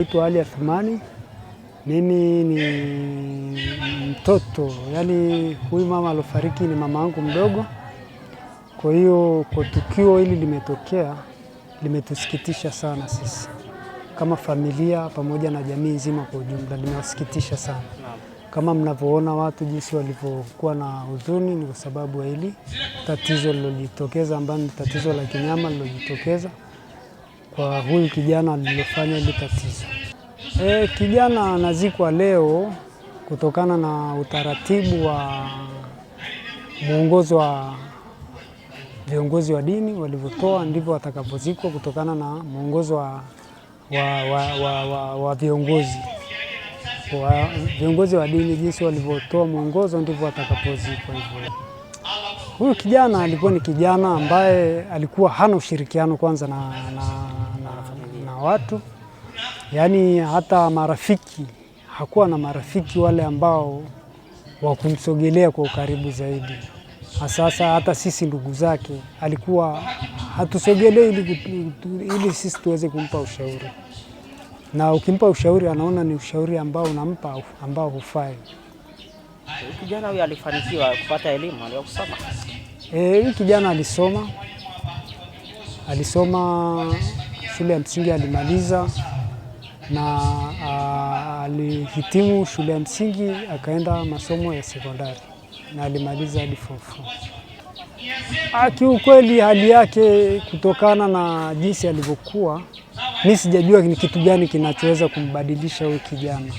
Naitwa Ali Athumani, mimi ni mtoto, yaani huyu mama alofariki ni mama yangu mdogo. Kwa hiyo kwa tukio hili limetokea, limetusikitisha sana sisi kama familia pamoja na jamii nzima kwa ujumla, limewasikitisha sana. Kama mnavyoona watu jinsi walivyokuwa na huzuni, ni kwa sababu ya hili tatizo lilojitokeza, ambalo ni tatizo la kinyama lilojitokeza kwa huyu kijana lilofanya ile tatizo. E, kijana anazikwa leo kutokana na utaratibu wa mwongozo wa viongozi wa dini walivyotoa, ndivyo watakapozikwa kutokana na muongozo wa, wa, wa, wa, wa, wa viongozi wa, viongozi wa dini jinsi walivyotoa mwongozo ndivyo watakapozikwa hivyo. Huyu kijana alikuwa ni kijana ambaye alikuwa hana ushirikiano kwanza na, na watu, yaani hata marafiki, hakuwa na marafiki wale ambao wa kumsogelea kwa ukaribu zaidi. Sasa hata sisi ndugu zake alikuwa hatusogelee ili, ili sisi tuweze kumpa ushauri, na ukimpa ushauri anaona ni ushauri ambao unampa ambao hufai. Kijana huyu alifanikiwa kupata elimu aliyokusoma. Eh, huyu kijana alisoma alisoma shule ya msingi alimaliza na alihitimu shule ya msingi akaenda masomo ya sekondari na alimaliza hadi form four. Kiukweli hali yake kutokana na jinsi alivyokuwa, mi sijajua ni kitu gani kinachoweza kumbadilisha huyu kijana,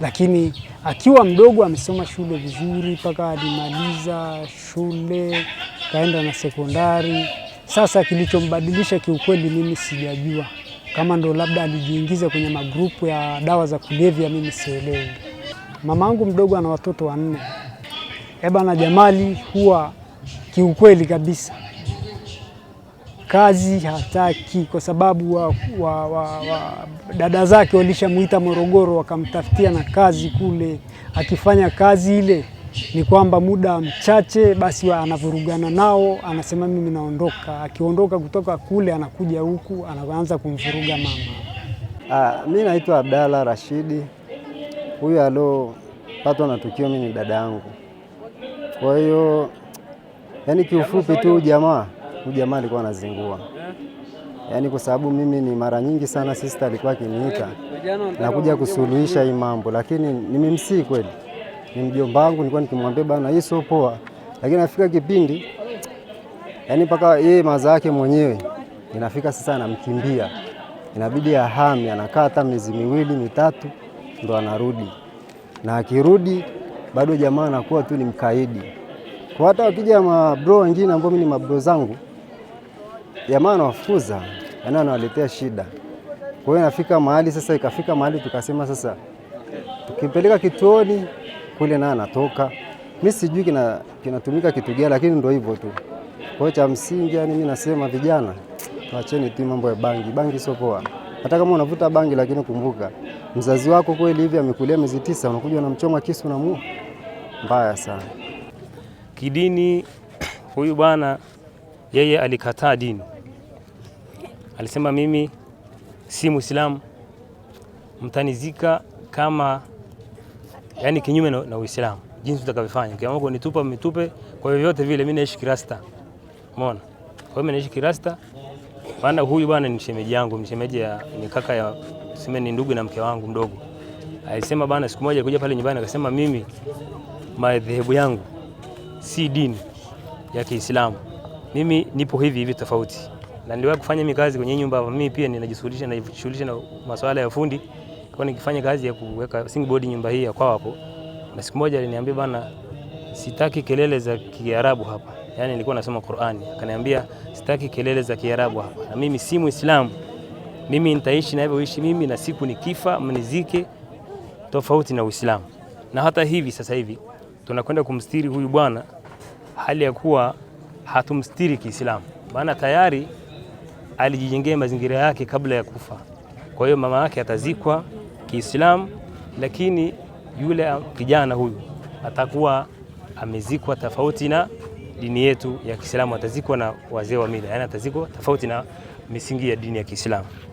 lakini akiwa mdogo amesoma shule vizuri mpaka alimaliza shule kaenda na sekondari. Sasa kilichombadilisha kiukweli, mimi sijajua, kama ndo labda alijiingiza kwenye magrupu ya dawa za kulevya, mimi sielewi. angu mdogo ana watoto wanne. Ebana Jamali huwa kiukweli kabisa kazi hataki, kwa sababu wa, wa, wa, wa, dada zake walishamwita Morogoro wakamtafutia na kazi kule, akifanya kazi ile ni kwamba muda mchache basi anavurugana nao, anasema mimi naondoka. Akiondoka kutoka kule anakuja huku anaanza kumvuruga mama. Ah, mimi naitwa Abdalla Rashidi. Huyu aliopatwa na tukio mimi ni dada yangu. Kwa hiyo yani, kiufupi tu jamaa ujamaa jamaa alikuwa anazingua yaani kwa sababu mimi ni mara nyingi sana sister alikuwa akiniita nakuja kusuluhisha hii mambo, lakini nimemsii kweli ni mjomba wangu, nilikuwa nikimwambia bana, hii sio poa, lakini nafika kipindi yani mpaka yeye maza yake mwenyewe inafika sasa, anamkimbia inabidi ahame, anakaa hata miezi miwili mitatu ndo anarudi, na akirudi bado jamaa anakuwa tu ni mkaidi. Kwa hata wakija mabro wengine ambao mimi ni mabro zangu, jamaa anawafukuza, yani anawaletea shida. Kwa hiyo inafika mahali sasa, ikafika mahali tukasema sasa tukimpeleka kituoni kule naye anatoka. Mi sijui kina, kinatumika kitu gani, lakini ndio hivyo tu. Kwa hiyo cha msingi, yani mimi nasema vijana, tuacheni tu mambo ya bangi. Bangi sio poa, hata kama unavuta bangi, lakini kumbuka mzazi wako kweli hivi amekulia miezi tisa, unakuja unamchoma kisu na muu, mbaya sana kidini. Huyu bwana yeye alikataa dini, alisema mimi si Muislamu, mtanizika kama yani kinyume na, na Uislamu jinsi utakavyofanya. Ukiamua kunitupa mitupe, kwa vyovyote vile, mimi naishi kirasta. Umeona? Kwa hiyo mimi naishi kirasta, maana huyu bwana ni mshemeji yangu, mshemeji ya, ni kaka ya sema ni ndugu na mke wangu mdogo. Alisema bwana, siku moja alikuja pale nyumbani akasema, mimi madhehebu yangu si dini ya Kiislamu, mimi nipo hivi hivi tofauti, na niliwahi kufanya mikazi kwenye nyumba, mimi pia ninajishughulisha na masuala ya fundi kwa nikifanya kazi ya kuweka single board nyumba hii ya kwao hapo, na siku moja aliniambia bana, sitaki kelele za Kiarabu hapa. Yani nilikuwa nasoma Qur'ani, akaniambia sitaki kelele za Kiarabu hapa, na mimi si Muislamu, mimi nitaishi na navyoishi mimi, na siku nikifa mnizike tofauti na Uislamu. Na hata hivi sasa hivi tunakwenda kumstiri huyu bwana, hali ya kuwa hatumstiri Kiislamu, Bana tayari alijijengea mazingira yake kabla ya kufa. Kwa hiyo mama yake atazikwa Kiislamu, lakini yule kijana huyu atakuwa amezikwa tofauti na dini yetu ya Kiislamu, atazikwa na wazee wa mila, yani atazikwa tofauti na misingi ya dini ya Kiislamu.